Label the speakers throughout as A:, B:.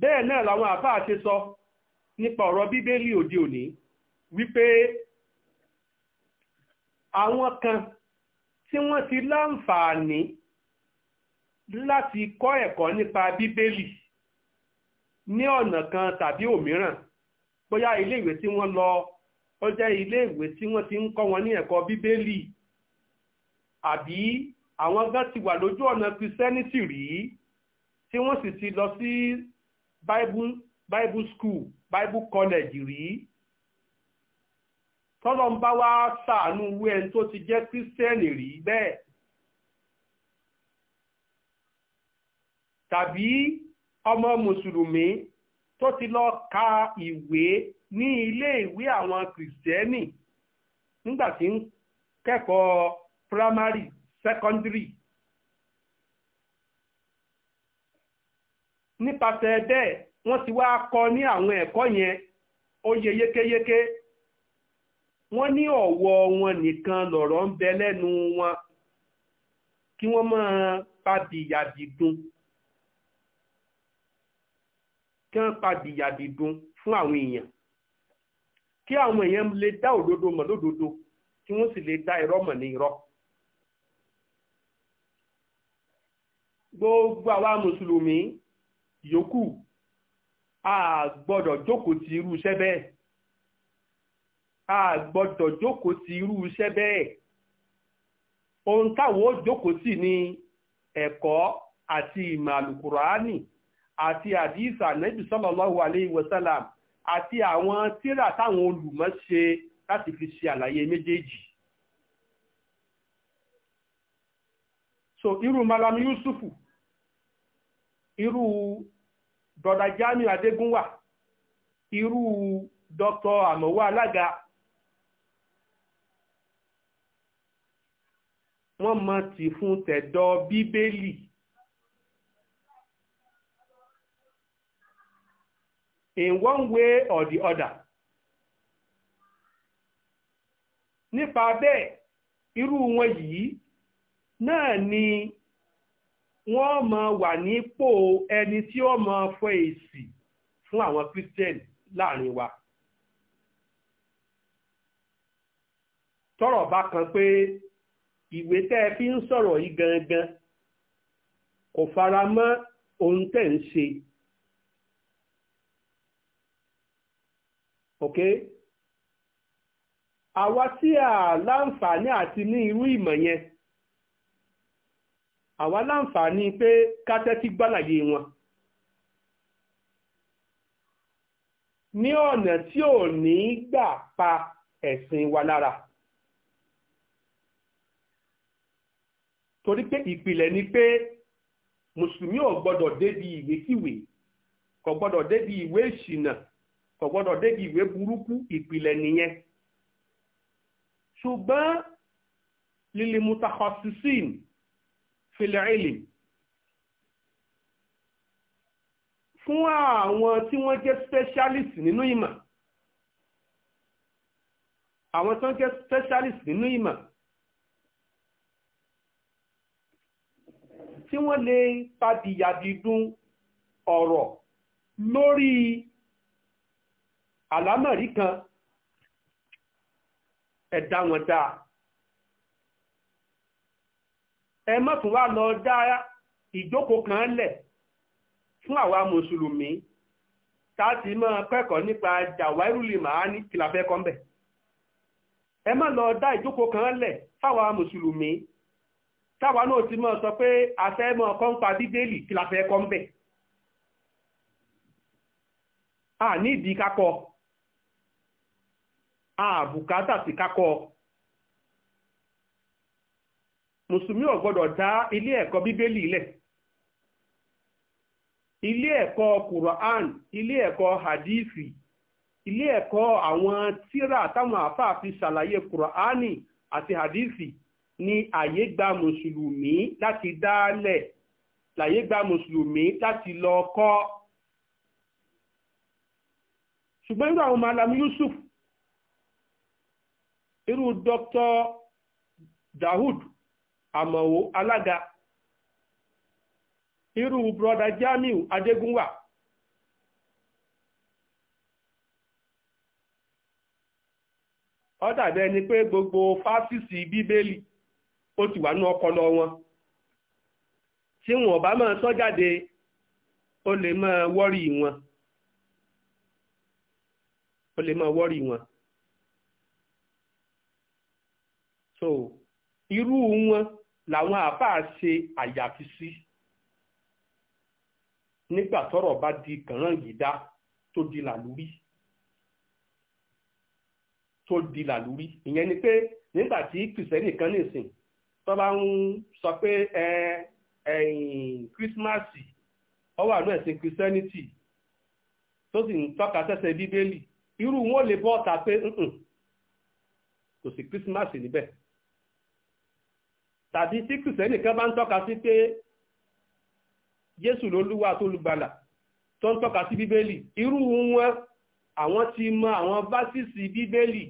A: bẹ́ẹ̀ náà làwọn àfáà ṣe sọ nípa ọ̀rọ̀ bíbélì òde òní wípé àwọn kan tí wọ́n ti láǹfààní láti kọ́ ẹ̀kọ́ nípa bíbélì ní ọ̀nà kan tàbí òmíràn bóyá iléèwé tí wọ́n lọ ó jẹ́ iléèwé tí wọ́n ti ń kọ́ wọn ní ẹ̀kọ́ bíbélì àbí àwọn gan ti wà lójú ọ̀nà kristianity rí tí wọ́n sì ti lọ sí bible bible school bible college rí tọ́lọ́ ń bá wá ṣàánú irú ẹni tó ti jẹ́ kírísítẹ́nì rí bẹ́ẹ̀ tàbí ọmọ mùsùlùmí tó ti lọ ka ìwé ní ilé ìwé àwọn kìrìsìtẹ́nì nígbà tí ń kẹ́kọ̀ọ́ primary secondary nípasẹ̀ bẹ́ẹ̀ wọ́n ti wá kọ ní àwọn ẹ̀kọ́ yẹn ó yẹ yékéyéké wọ́n ní ọ̀wọ́ wọn nìkan lọ̀rọ̀ ń bẹ lẹ́nu wọn kí wọ́n máa pabìyàbìdun kí wọ́n fún àwọn èèyàn kí àwọn èèyàn lè dá òdodo mọ̀ lódodo kí wọ́n sì lè dá irọ́ gbogbo àwa mùsùlùmí yòókù a gbọ́dọ̀ jókòó ti irú iṣẹ́ bẹ́ẹ̀ a gbọ́dọ̀ jókòó ti irú iṣẹ́ bẹ́ẹ̀ ohun táwọn ó jókòó sí ni ẹ̀kọ́ àti ìmọ̀ àlùkùránì àti àdìsà nẹ́bí sallallahu alayhi wa àti àwọn tírà táwọn olùmọ̀ ṣe láti fi ṣe àlàyé méjèèjì. so irú malam yusufu irú broda Jamiu Adegunwa irú dr Àmọ̀wá alaga. wọ́n mọ ti fún tẹ̀dọ bíbélì in one way or the other nípa bẹ́ẹ̀ irú wọn yìí náà ni wọ́n máa wà nípò ẹni tí ó mọ fọ èsì fún àwọn Christian láàrin wa. Tọrọ bá kan pé ìwé tẹ́ ẹ fi ń sọ̀rọ̀ yìí gangan kò fara mọ́ ohun tẹ́ ń ṣe. ok àwa tí a láǹfààní àti ní irú ìmọ̀ yẹn àwa láǹfààní pé kátẹ́tí gbàlàyé wọn ní ọ̀nà tí ò ní gbà pa ẹ̀sìn wa lára torí pé ìpìlẹ̀ ni pé mùsùlùmí ò gbọ́dọ̀ débi ìwékíwèé kò gbọ́dọ̀ débi ìwé ìṣìnà kò gbọ́dọ̀ débi ìwé burúkú ìpìlẹ̀ nìyẹn ṣùgbọ́n lílimutakọsisin fìlẹ̀ẹ́lì fún àwọn tí wọ́n jẹ́ specialist nínú ìmọ̀ àwọn tí wọ́n jẹ́ specialist nínú ìmọ̀ tí wọ́n lè padìyàdìdún ọ̀rọ̀ lórí àlámọ̀rí kan ẹ̀dá wọn dáa ẹ má tún wá lọ dá ìjókòó kan lẹ̀ fún àwa mùsùlùmí táti máa kẹ́kọ̀ọ́ nípa jàwáìrúlì màá ní kìlàfẹ́ kọ́ńbẹ̀ ẹ má lọ dá ìjókòó kan lẹ̀ fáwa mùsùlùmí táwa náà ti máa sọ pé àfẹ́ mọ́ kọ́ńpa bíbélì kìlàfẹ́ kọ́ńbẹ̀ a ní ìdí kakọ àbùkátà sí kakọ mùsùlùmí ò gbọ́dọ̀ dá ilé ẹ̀kọ́ bíbélì lẹ̀ ilé ẹ̀kọ́ quran ilé ẹ̀kọ́ hadithi ilé ẹ̀kọ́ àwọn tíra táwọn àáfàá fi ṣàlàyé qurani àti hadithi ni àyè gba mùsùlùmí láti dálẹ̀ láyè gba mùsùlùmí láti lọ kọ́ ṣùgbọ́n irú àwọn malam yusuf irú dr dahud àmọ̀wò alága irú broda Jamiu Adégúnwà ó dàbí pé gbogbo fásitì bíbélì ó ti wà ní ọpọlọ wọn tí wọn bá máa sọ jáde ó lè máa wọ́rí wọn ó lè máa wọ́rí wọn so irú wọn làwọn àbá ṣe àyàfi sí nígbà tọ́rọ̀ bá di kànáńgídá tó di làlúrí tó di làlúrí ìyẹn ni pé nígbà tí kìrìsìtẹ́nì kan nìsín tó bá ń sọ pé ẹ ẹ̀yìn kírísímàsì ó wà ní ẹ̀sìn kìrìsìtẹ́nìtì tó sì ń tọ́ka sẹ́sẹ̀ bíbélì irú wọn lè bọ́ ọ̀tà pé kò sí kírísímàsì níbẹ̀ tàbí tí kìrìsìtẹ́nì kan bá ń tọ́ka sí pé jésù lolúwa tó lùgbàlà tó ń tọ́ka sí bíbélì irú wọn àwọn ti mọ àwọn fásitì bíbélì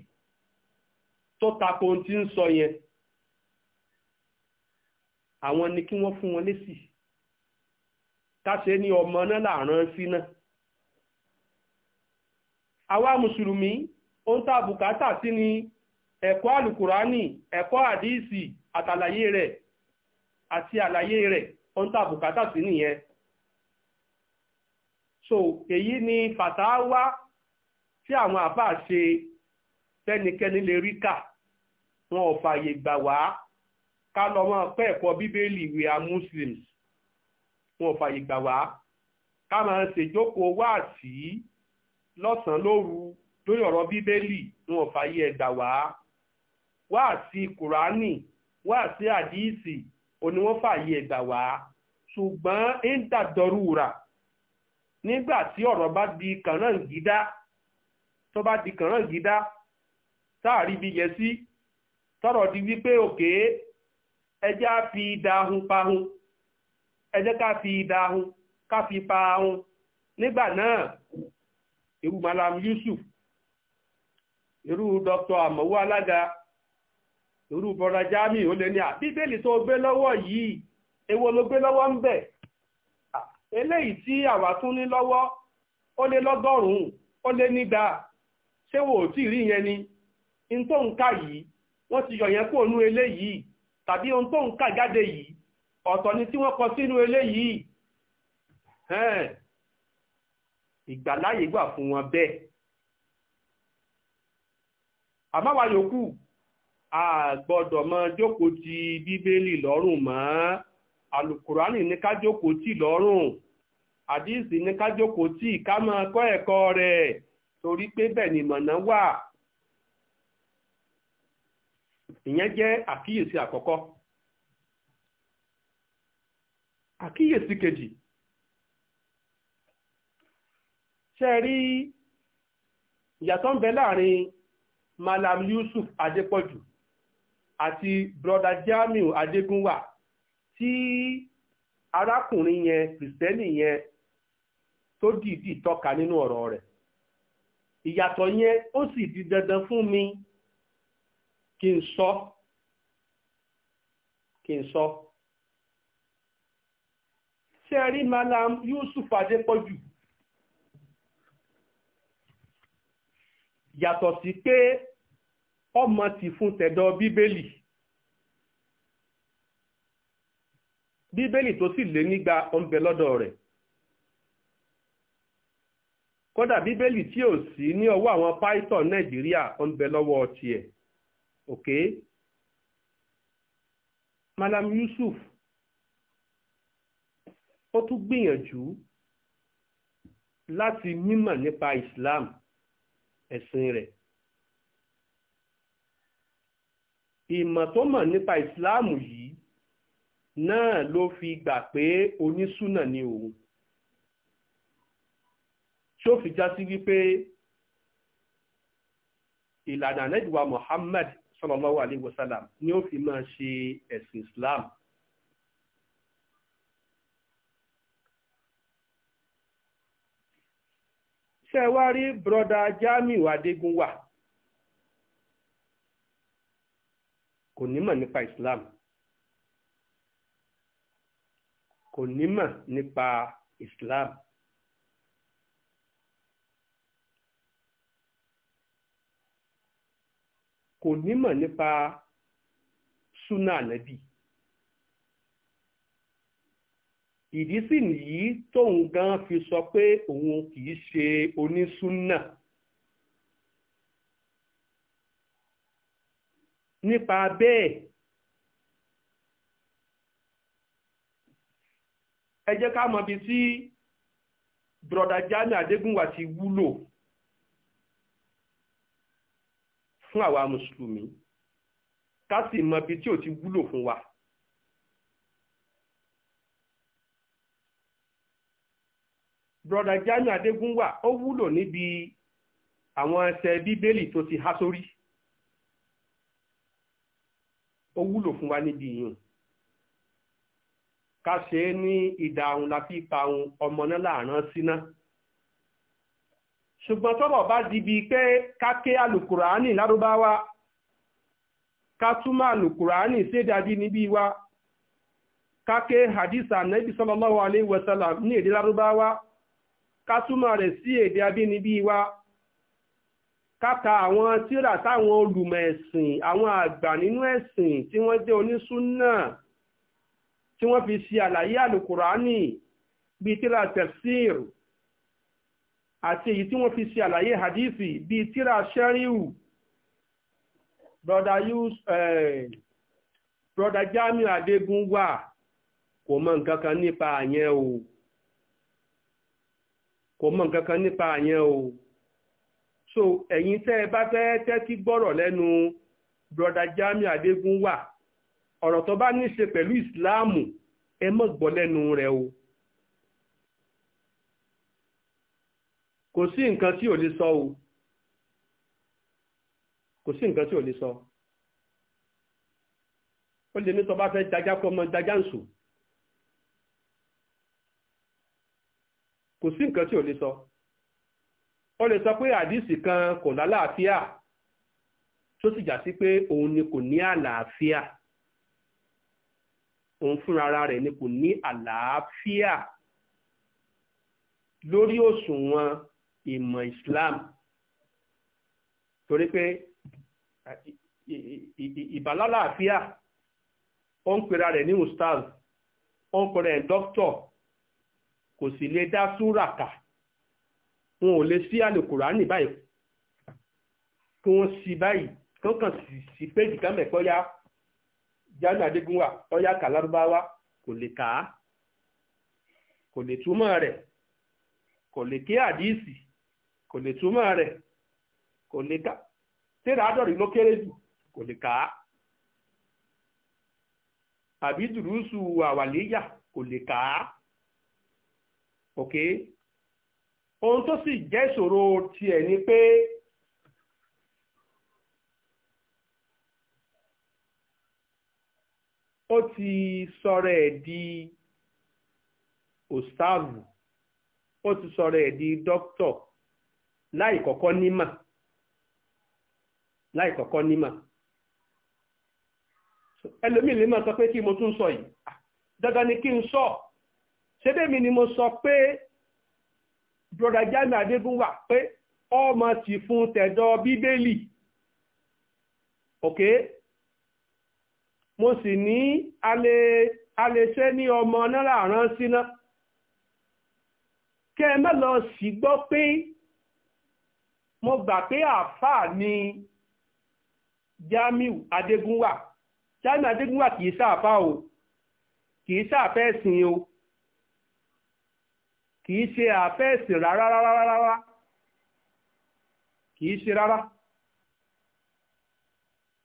A: tó tako ohun tí ń sọ yẹn àwọn ni kí wọ́n fún wọn lésì káṣe ní ọmọ náà làrán sí náà àwa mùsùlùmí ohun tá a bùkátà sí ni ẹ̀kọ́ àlùkùránì ẹ̀kọ́ àdíìsì àtàlàyé rẹ̀ àti àlàyé rẹ̀ ohun tá bùkátà sí nìyẹn so èyí ni fàtàwá tí àwọn àfáà ṣe tẹ́nikẹ́ni lè rí kà wọn ò fààyè gbà wá ká lọ mọ́ pẹ́ ẹ̀kọ́ bíbélì we are muslims wọn ò fààyè gbà wá ká máa ṣèjókòó wáàsí lọ́sàn-án lóru lórí ọ̀rọ̀ bíbélì wọn ò fààyè ẹ̀ wá wáàsí kùránì wá sí àdíìsì òní wọ́n fààyè ẹ̀gbà wá ṣùgbọ́n íńtà dọ́rùrà nígbà tí ọ̀rọ̀ bá di kànáǹgídá tó bá di kànáǹgídá táàrí bí yẹn sí tọrọ di wípé òkè ẹjẹ́ á fi dáhùn pahun ẹjẹ́ ká fi dáhùn ká fi pahun nígbà náà irú malam Yusuf irú Dr. Amawu alaga. irú bọ́ra jámì ó lè ní à ah, bíbélì tó gbé lọ́wọ́ yìí èwo ló gbé lọ́wọ́ ń bẹ̀ ah, eléyìí tí àwa tún ní lọ́wọ́ ó lé lọ́gọ́rùn-ún ó lé nígbà ṣé wò ó tí ì rí yẹn ni n tó ń kà yìí wọ́n ti yọ̀ yẹn kó nú eléyìí tàbí ohun tó ń kà jáde yìí ọ̀tọ̀ ni tí wọ́n kọ sínú eléyìí ìgbàláyè wà fún wọn bẹ́ẹ̀ àmáwá yòókù a gbọ́dọ̀ mọ jókòó ti bíbélì lọ́rùn mọ́ alukurani ní ká tí tì lọ́rùn àdíìsì ní ẹ̀kọ́ rẹ̀ torí pé bẹ́ẹ̀ ni mọ̀nà wà ìyẹn jẹ́ àkíyèsí àkọ́kọ́ àkíyèsí kejì ṣe rí ìyàtọ̀ ń Yusuf Adépọ̀jù àti brother Jamiu Adégúnwà tí arákùnrin yẹn kìrìsìtẹ́nì yẹn tó dìídì tọ́ka nínú ọ̀rọ̀ rẹ̀ ìyàtọ̀ yẹn ó sì di dandan fún mi kí n sọ kí n sọ ṣe Malam Yusuf Adépọ̀jù yàtọ̀ sí pé ọmọ ti fún tẹ̀dọ̀ bíbélì bíbélì tó sì lé nígbà ọ̀nbẹ lọ́dọ̀ rẹ̀ kódà bíbélì tí ò sí ní ọwọ́ àwọn python nàìjíríà ọ̀nbẹ lọ́wọ́ tiẹ̀ ok malam yusuf ó tún gbìyànjú láti mímọ̀ nípa islam ẹ̀sìn rẹ̀ ìmọ̀ tó mọ̀ nípa ìsìláàmù yìí náà ló fi gbà pé onísùnà ni òun tí ó fi já sí wípé ìlànà anẹ́dùwà Muhammad sallallahu alaihi wasallam ni ó fi máa ṣe ẹ̀sìn Islam ṣe wá rí broda Jamiu Adégúnwà kò nímọ̀ nípa Islam kò nímọ̀ nípa Islam. kò nímọ̀ nípa súnà ànábì ìdí sì nìyí tóun gan fi sọ pé òun kì í ṣe onísúnà. nípa bẹ́ẹ̀ ẹ jẹ́ ká mọ̀ bí tí broda Jami Adégúnwà ti wúlò fún àwa mùsùlùmí ká sì mọ̀ bí tí ò ti wúlò fún wa. broda Jami Adégúnwà ó wúlò níbi àwọn ẹsẹ̀ bíbélì tó ti há sórí. ó wúlò fún wa níbi yìí ká ṣe é ní ìdáhùn la fi pa ohun ọmọ náà láàrán síná ṣùgbọ́n tọ́rọ̀ bá di bíi pé ká ké alùkùránì lárúbáwá ká túmọ̀ alùkùránì sédàbí níbí wa ká ké hadisa nabi sallallahu alaihi ní èdè lárúbáwá ká túmọ̀ rẹ̀ sí èdè abínibí wa káka àwọn tíra táwọn olùmọ̀ ẹ̀sìn àwọn àgbà nínú ẹ̀sìn tí wọ́n jẹ́ onísúnà tí wọ́n fi ṣe àlàyé àlùkùránì bíi tíra tafsir àti èyí tí wọ́n fi ṣe àlàyé hadithi bíi tíra sheriu broda yus eh, broda Jamiu Adégún wà kò mọ nǹkan kan nípa àyẹn kò mọ nǹkan kan nípa àyẹn so ẹ̀yin tẹ́ ẹ bá fẹ́ tẹ́tí gbọ́rọ̀ lẹ́nu broda Jami Adégún wà ọ̀rọ̀ tó bá ní í ṣe pẹ̀lú ìsìláàmù ẹ mọ̀ gbọ́ lẹ́nu rẹ̀ o kò sí nǹkan tí ò lè sọ o kò sí nǹkan tí ò lè sọ ó lè ní tó bá fẹ́ dájá kọ́ ọmọ dájá ń sùn kò sí nǹkan tí ò lè sọ. So ó lè sọ pé àdìsí kan kò lálàáfíà tó sì já sí pé òun ni kò ní àlàáfíà òun fúnra rẹ̀ ni kò ní àlàáfíà lórí òṣùwọ̀n ìmọ̀ Islam torí pé ìbálálàáfíà ó ń pera rẹ̀ ní ustaz ó ń pera rẹ̀ dókítọ̀ kò sì lè dá súrà wọn ò lè sí àlùkùránì báyìí kí wọ́n sí báyìí tó kàn sí péjì kan mẹ́kọ́ yá jáde adégúnwà ọ̀yá kà lárúbáwá kò lè kà á kò lè túmọ̀ rẹ̀ kò lè ké àdíìsì kò lè túmọ̀ rẹ̀ kò lè kà tẹ́lẹ̀ àádọ́rì ló kéré jù kò lè kà á àbí dùrúsù àwàléyà kò lè kà á ohun tó sì jẹ́ ìṣòro tiẹ̀ ni pé ó ti sọ̀rọ̀ ẹ̀ di òsáàbù ó ti sọ̀rọ̀ ẹ̀ di dókítọ̀ láì kọ́kọ́ nímà láì kọ́kọ́ nímà ẹlòmíì lè máa sọ pé kí mo tún sọ yìí ah, dandan ni kí n sọ ṣébèmi ni mo sọ pé broda jami adégún wà pé ọmọ sì fún tẹ̀dọ̀ bíbélì ok mo sì ní alẹ́ṣẹ́ ní ọmọ náírà ránṣẹ́ náà kẹ́ ẹ má lọ sí gbọ́ pé mo gbà pé àáfàá ni jamiu adégúnwà jamiu adégúnwà kìí sáàfà o kìí sáàfẹ́ sìn o kì í ṣe àfẹ́ẹ̀sì rárá rárá rárá kì í ṣe rárá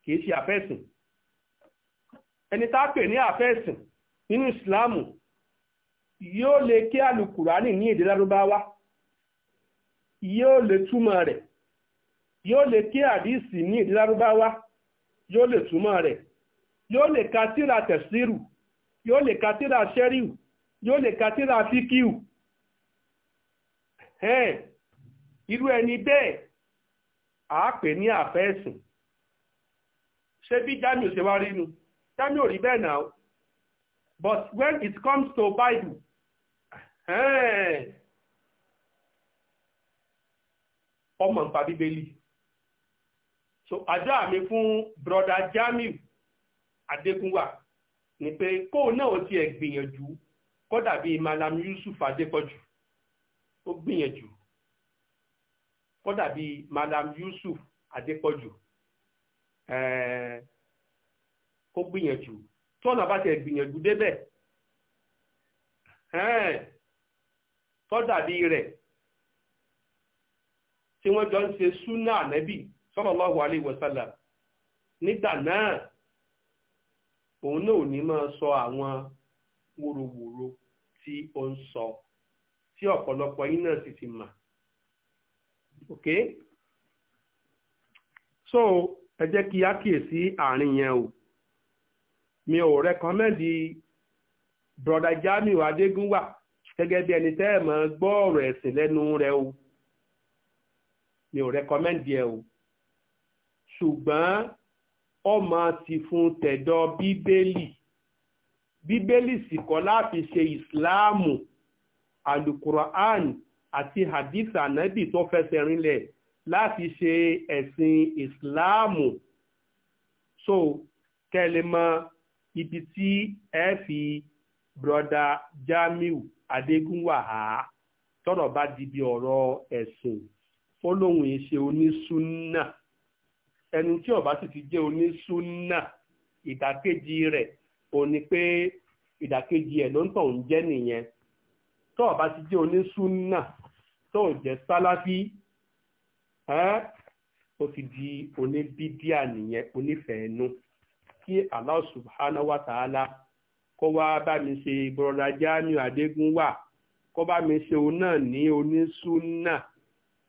A: kì í ṣe àfẹ́ẹ̀sì ẹni tá pè ní àfẹ́ẹ̀sì nínú ìsìláàmù yóò lè ké alùkùránì ní èdè lárúbáwá yóò lè túmọ̀ rẹ̀ yóò lè ké àdìsí ní èdè lárúbáwá yóò lè túmọ̀ rẹ̀ yóò lè ka tírà tẹ̀síìrù yóò lè ka tírà ṣẹ́ríù yóò lè ka tírà fíkíù irú ẹni bẹ́ẹ̀ àá pè ní àfẹ́sùn ṣé bí jamiu ṣe wá rí nu jamiu rí bẹ́ẹ̀ náà but when it comes to Bible ọmọ nǹkan bíbélì so àdúrà mi fún broda jamiu adékúnwà ni pé kóun náà ti ẹ̀ gbìyànjú kódà bíi malam yusuf adépọ̀jù ó gbìyànjú kọ́dàbí Madam Yusuf Adépọ̀jù ó gbìyànjú tọ́nà bá tẹ̀ gbìyànjú débẹ̀ kódà bíi rẹ̀ tí wọ́n jọ ń ṣe súnà ànẹ́bì sallallahu alaihi wasallam nígbà náà òun náà ò ní máa sọ àwọn wòròwòro tí ó ń sọ. So tí ọ̀pọ̀lọpọ̀ yín náà sì ti mà ok so ẹ jẹ́ kí a kíyèsí àárín yẹn o mi ò rẹ́kọ́mẹ́ndì broda Jamiu Adégúnwà gẹ́gẹ́ bí ẹni tẹ́ ẹ̀ mọ́ gbọ́ ọ̀rọ̀ ẹ̀sìn lẹ́nu rẹ̀ o mi ò rẹ́kọ́mẹ́ndì ẹ̀ o ṣùgbọ́n ọmọ ti fún tẹ̀dọ̀ bíbélì bíbélì sì kọ́ láti ṣe ìsìláàmù alukura'an àti hadith anabi tó fẹsẹ̀ rinlẹ̀ láti ṣe ẹ̀sìn ìsìláàmù so kẹ́lẹ̀ mọ ibi tí ẹ fi broda Jamiu Adégúnwà á tọrọ bá di bí ọ̀rọ̀ ẹ̀sìn ó lóun ìṣe onísúnà ẹni tí ọba sì ti jẹ́ onísúnà ìdàkejì rẹ̀ òní pé ìdàkejì ẹ̀ ló ń tọ̀ ń jẹ́ nìyẹn tó o bá ti jẹ́ onísúnà tó o jẹ́ sáláfí ó ti di oníbídíà nìyẹn onífẹ̀ẹ́nu kí Allah subhanahu wa ta'ala kó wá bá mi ṣe bọ́lá Jamiu Adégúnwà kó bá mi ṣe òun náà ní onísúnà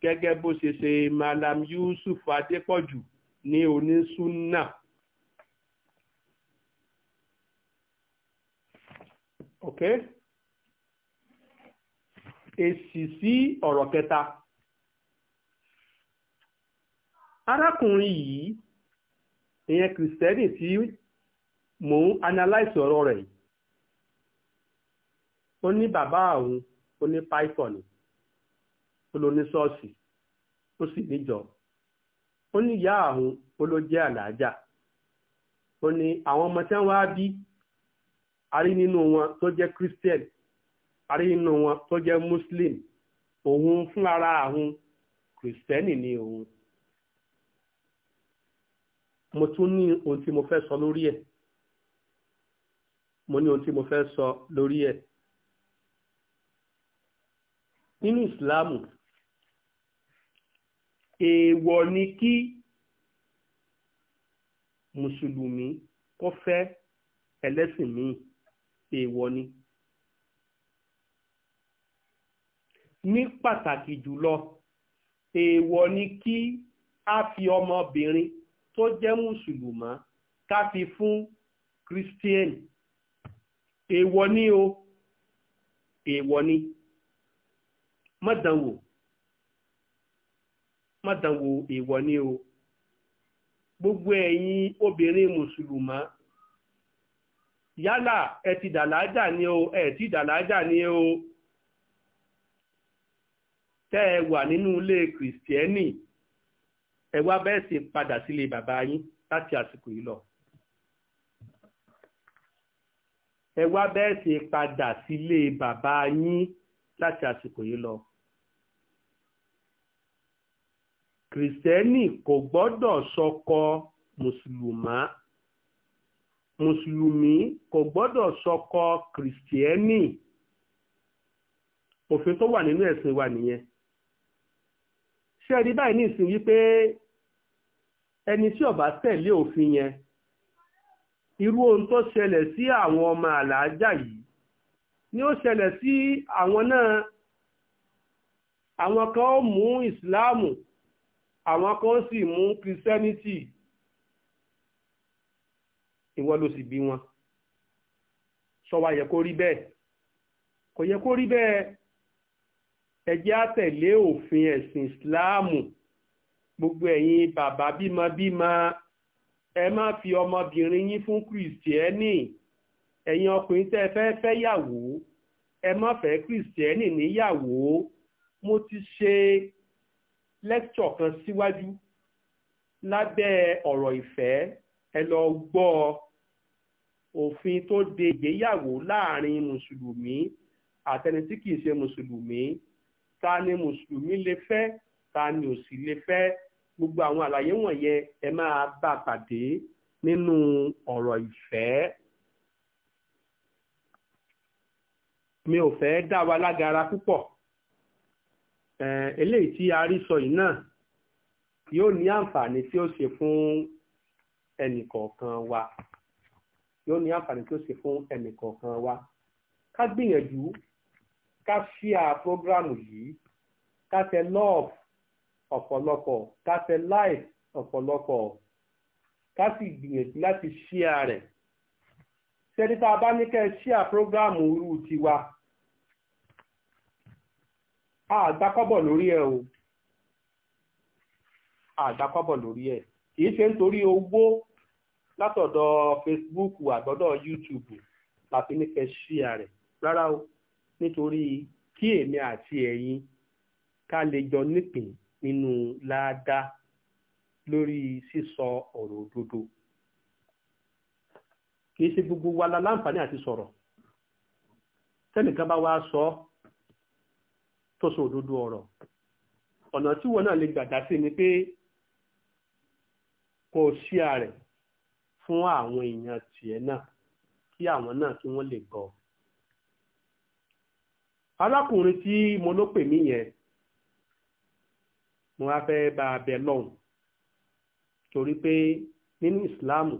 A: gẹ́gẹ́ bó ṣe ṣe Malam Yusuf Adépọ̀jù ní onísúnà. Okay? èsì sí ọ̀rọ̀ kẹta arákùnrin yìí ìyẹn kìrìsìtẹ́nì tí mò ń analyse ọ̀rọ̀ rẹ̀ ó ní bàbá òun ó ní python ó ló ní sọ́ọ̀sì ó sì níjọ ó ní ìyá òun ó ló jẹ́ àlàájá ó ní àwọn ọmọ tí wọ́n wá bí a rí nínú wọn tó jẹ́ christian àrí inú wọn tó jẹ́ muslim òun fún ara kìrìsìtẹ́nì ni òun mo tún ní ohun tí mo fẹ́ sọ lórí ẹ̀ mo ní ohun tí mo fẹ́ sọ lórí ẹ̀ nínú ìsìláàmù èèwọ̀ ni kí mùsùlùmí kó fẹ́ ẹlẹ́sìn míì èèwọ̀ ni. ní pàtàkì jùlọ èèwọ̀ ni kí a fi ọmọbìnrin tó jẹ́ mùsùlùmá ká fi fún kírísítíẹ̀nì èèwọ̀ ni o èèwọ̀ ni mọ́dànwò mọ́dànwò èèwọ̀ ni o gbogbo ẹ̀yin obìnrin mùsùlùmá yálà ẹ ti dàlájà ni o ẹ ti dàlájà ni o tẹ́ ẹ wà nínú ilé kìrìsìtẹ́nì ẹ wá bẹ́ẹ̀ sì padà sílé bàbá yín láti àsìkò yìí lọ. ẹ wá bẹ́ẹ̀ sì padà sílé bàbá yín láti àsìkò yìí lọ. kìrìsìtẹ́nì kò gbọ́dọ̀ sọkọ mùsùlùmá mùsùlùmí kò gbọ́dọ̀ sọkọ kìrìsìtẹ́nì òfin tó wà nínú ẹ̀sìn wa nìyẹn. ṣe rí báyìí ní ìsìn wípé ẹni tí ọba tẹ̀lé òfin yẹn irú ohun tó ṣẹlẹ̀ sí àwọn ọmọ àlàájá yìí ni ó ṣẹlẹ̀ sí àwọn náà àwọn kan ó mú ìsìláàmù àwọn kan ó sì mú kìrìsẹ́nìtì ìwọ ló sì bí wọn sọ wa yẹ kó rí bẹ́ẹ̀ kò yẹ kó ẹ jẹ́ á tẹ̀lé òfin ẹ̀sìn ìsìláàmù gbogbo ẹ̀yin bàbá bímọbímọ ẹ má fi ọmọbìnrin yín fún kìrìsìtẹ́nì ẹ̀yin ọkùnrin tẹ́ ẹ fẹ́ fẹ́ yàwó ẹ má fẹ́ kìrìsìtẹ́nì níyàwó mo ti ṣe lẹ́kṣọ̀ kan síwájú lábẹ́ ọ̀rọ̀ ìfẹ́ ẹ lọ gbọ́ òfin tó de ìgbéyàwó láàrin mùsùlùmí àtẹni tí kìí ṣe mùsùlùmí ta ni mùsùlùmí lè fẹ́ ta ni ò sì lè fẹ́ gbogbo àwọn àlàyé wọ̀nyẹn ẹ máa bá pàdé nínú ọ̀rọ̀ ìfẹ́. mi ò fẹ́ dá wa lágara púpọ̀ eléyìí tí a rí sọ yìí náà yóò ní àǹfààní tí ó ṣe fún ẹnìkọ̀ọ̀kan wa yóò ní àǹfààní tí ó ṣe fún ẹnìkọ̀ọ̀kan wa ká gbìyànjú ká ṣíà prógrámù yìí ká tẹ love ọ̀pọ̀lọpọ̀ ká tẹ like ọ̀pọ̀lọpọ̀ ká sì gbìyànjú láti ṣíà rẹ̀ sẹ́dítà bá ní kẹ́ ṣíà prógrámù irú tiwa àgbákọ́bọ̀ lórí ẹ̀ o àgbákọ́bọ̀ lórí ẹ̀ kìí ṣe nítorí owó látọ̀dọ̀ Facebook àgbọ́dọ̀ YouTube láti ní kẹ́ rẹ̀ rárá o. nítorí kí èmi àti ẹ̀yin ká lè jọ nípìn nínú ládàá lórí sísọ ọ̀rọ̀ òdodo kì í ṣe gbogbo wa la láǹfààní àti sọ̀rọ̀ tẹ́nìkan bá wá sọ tó sọ òdodo ọ̀rọ̀ ọ̀nà tí wọn náà lè gbàdá sí ni pé kó o ṣí ààrẹ fún àwọn èèyàn tiẹ̀ náà kí àwọn náà kí wọ́n lè gbọ́ ọ. alákùnrin tí mo ló pè mí yẹn mo wá fẹ́ bá a bẹ lọ́hùn torí pé nínú ìsìláàmù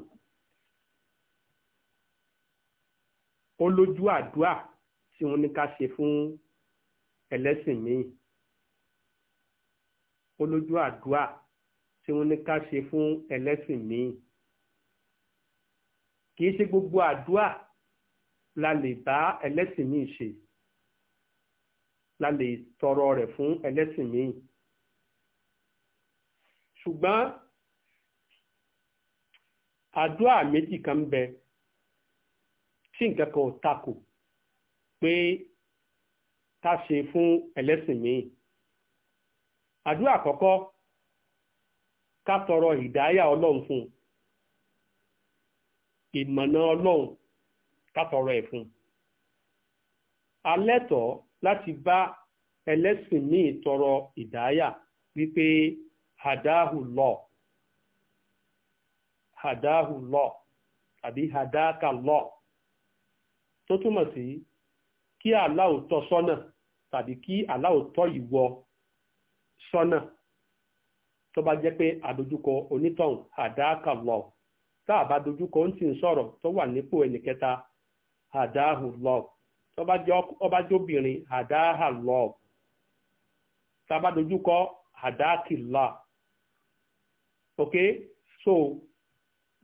A: ó lójú àdúà tí wọ́n ní ká ṣe fún ẹlẹ́sìn míì ó lójú àdúà tí wọ́n ní ká ṣe fún ẹlẹ́sìn míì kì í ṣe gbogbo àdúà la lè bá ẹlẹ́sìn míì ṣe la lè tọrọ rẹ̀ fún ẹlẹ́sìn míì ṣùgbọ́n àdúrà méjì kan ń bẹ tí nǹkan kan ò takò pé ká ṣe fún ẹlẹ́sìn míì àdúrà àkọ́kọ́ ká tọrọ ìdáyà ọlọ́run fún ìmọ̀nà ọlọ́run ká tọrọ ẹ̀ fún alẹ́tọ̀ọ́ láti bá ẹlẹ́sìn míì tọrọ ìdáyà wípé hadahu lọ hadahu lọ àbí hadaka lọ tó túmọ̀ sí kí Allah ó tọ́ sọ́nà tàbí kí Allah ó tọ́ ìwọ sọ́nà tó bá jẹ́ pé àdójúkọ onítọ̀hún hadaaka lọ tá dojúkọ ó ń ń sọ̀rọ̀ tó wà nípò ẹnìkẹta hadahu lọ tọ́ba jóbìnrin àdáhà lọ tába dojúkọ àdáàkìlá ok so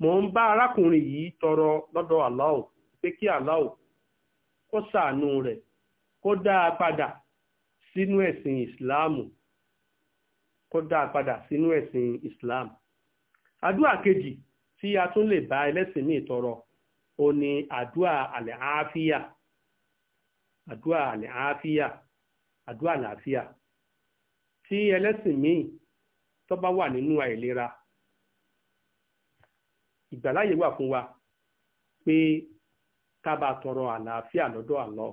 A: mò ń bá arákùnrin yìí tọrọ lọ́dọ̀ aláwọ̀ pé kí kó ṣàánú rẹ kó dáa padà sínú ẹ̀sìn ìsìláàmù kó kejì tí a tún lè bá ẹlẹ́sìn òní àdúrà àáfíà. àdúrà àáfíà àdúrà àlàáfíà tí ẹlẹ́sìn míì tó bá wà nínú àìlera ìgbàláyè wà fún wa pé ká tọrọ àlàáfíà lọ́dọ̀ Allah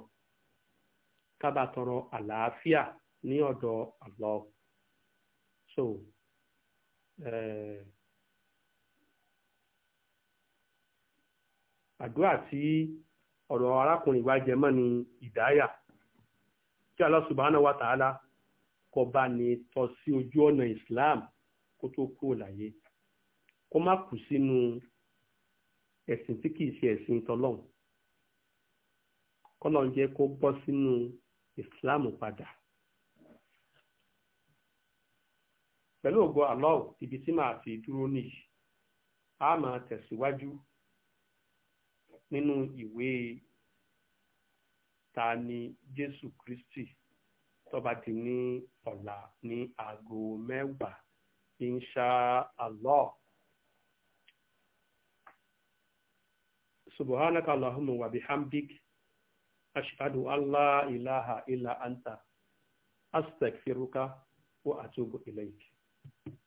A: ká tọrọ alaafia ní ọ̀dọ̀ so eh, àdúrà tí. Uh, ọ̀rọ̀ arákùnrin wa jẹmọ́ ni ìdáyà tí Allah subhanahu wa ta'ala bá ní tọ́ sí ojú ọ̀nà Islam kó tó kú láyé kó má kù sínú ẹ̀sìn tí kìí ṣe ẹ̀sìn tọlọ́hun kọ́lọ́n jẹ́ kó bọ́ sínú Islam padà. pẹ̀lú ògo Allah ibi tí màá fi dúró nìyí a máa tẹ̀síwájú. ninu iwe taani jesu kristi toba di ni ola ni ago megba di nshe ala'o. subu ha anaka ala ahu mwabi hamdik a shekado ala ila ha ila an taa aspecti fero ka ko ati ugo ile